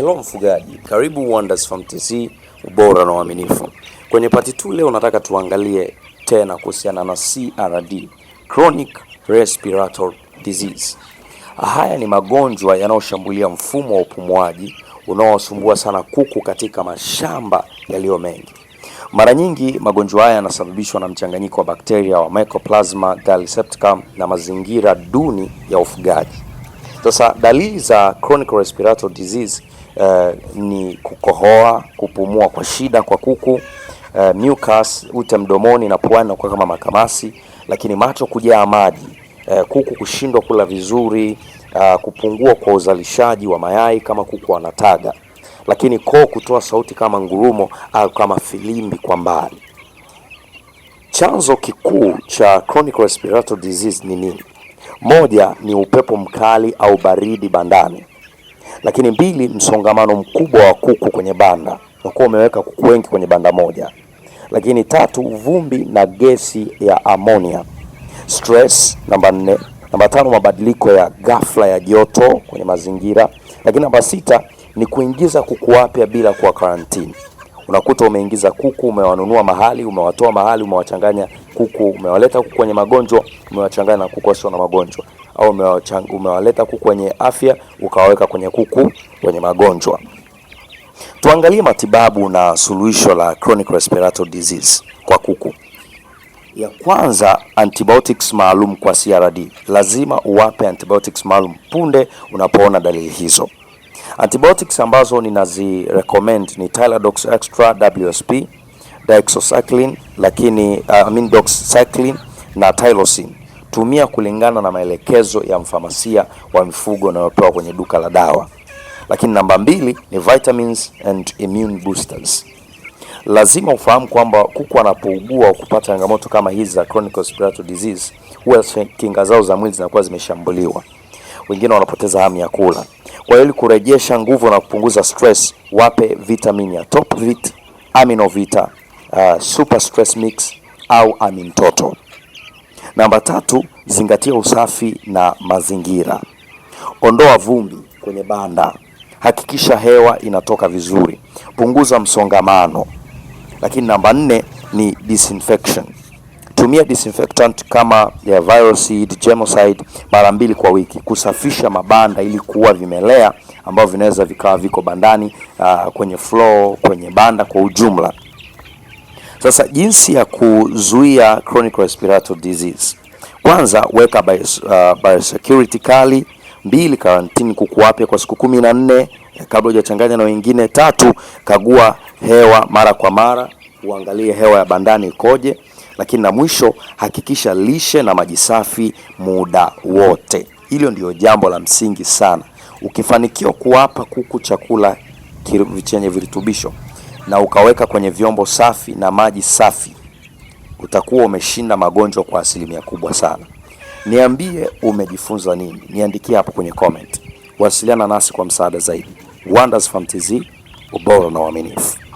Hello eh, mfugaji, karibu Wonders Farm TZ, ubora na uaminifu. Kwenye pati tu leo nataka tuangalie tena kuhusiana na CRD, Chronic Respiratory Disease. Haya ni magonjwa yanayoshambulia mfumo wa upumuaji unaowasumbua sana kuku katika mashamba yaliyo mengi. Mara nyingi magonjwa haya yanasababishwa na mchanganyiko wa bakteria wa Mycoplasma gallisepticum na mazingira duni ya ufugaji. Sasa dalili za chronic respiratory disease uh, ni kukohoa, kupumua kwa shida kwa kuku uh, mucus, ute mdomoni na puani na kuwa kama makamasi, lakini macho kujaa maji uh, kuku kushindwa kula vizuri uh, kupungua kwa uzalishaji wa mayai kama kuku wanataga, lakini koo kutoa sauti kama ngurumo au kama filimbi kwa mbali. Chanzo kikuu cha chronic respiratory disease ni nini? Moja ni upepo mkali au baridi bandani, lakini mbili, msongamano mkubwa wa kuku kwenye banda, unakuwa umeweka kuku wengi kwenye banda moja. Lakini tatu, vumbi na gesi ya amonia. Stress namba nne. Namba tano, mabadiliko ya ghafla ya joto kwenye mazingira. Lakini namba sita ni kuingiza kuku wapya bila kuwa karantini. Unakuta umeingiza kuku, umewanunua mahali, umewatoa mahali, umewachanganya kuku, umewaleta kuku kwenye magonjwa, umewachanganya na kuku wasio na magonjwa, au umewaleta kuku wenye afya ukawaweka kwenye kuku wenye magonjwa. Tuangalie matibabu na suluhisho la chronic respiratory disease kwa kuku. Ya kwanza, antibiotics maalum kwa CRD. Lazima uwape antibiotics maalum punde unapoona dalili hizo. Antibiotics ambazo ninazirecommend ni Tyladox Extra, WSP doxycycline lakini uh, doxycycline na tylosin. Tumia kulingana na maelekezo ya mfamasia wa mifugo unayopewa kwenye duka la dawa. Lakini namba mbili ni vitamins and immune boosters. Lazima ufahamu kwamba kuku anapougua au kupata changamoto kama hizi za chronic respiratory disease, huwa kinga zao za mwili zinakuwa zimeshambuliwa, wengine wanapoteza hamu ya kula. Kwa hiyo ili kurejesha nguvu na kupunguza stress, wape vitamini ya amino vita uh, super stress mix au amintoto. Namba tatu, zingatia usafi na mazingira. Ondoa vumbi kwenye banda, hakikisha hewa inatoka vizuri, punguza msongamano. Lakini namba nne ni disinfection. Tumia disinfectant kama ya viricide, germicide mara mbili kwa wiki kusafisha mabanda ili kuua vimelea ambavyo vinaweza vikawa viko bandani, uh, kwenye floor, kwenye banda kwa ujumla. Sasa jinsi ya kuzuia chronic respiratory disease, kwanza weka uh, biosecurity uh, kali. Mbili, karantini kuku wapya kwa siku kumi na nne eh, kabla hujachanganya na wengine. Tatu, kagua hewa mara kwa mara, uangalie hewa ya bandani ikoje. Lakini na mwisho, hakikisha lishe na maji safi muda wote. Hilo ndio jambo la msingi sana. Ukifanikiwa kuwapa kuku chakula chenye virutubisho na ukaweka kwenye vyombo safi na maji safi, utakuwa umeshinda magonjwa kwa asilimia kubwa sana. Niambie umejifunza nini, niandikie hapo kwenye comment. Wasiliana nasi kwa msaada zaidi. Wonders Farm TZ, ubora na uaminifu.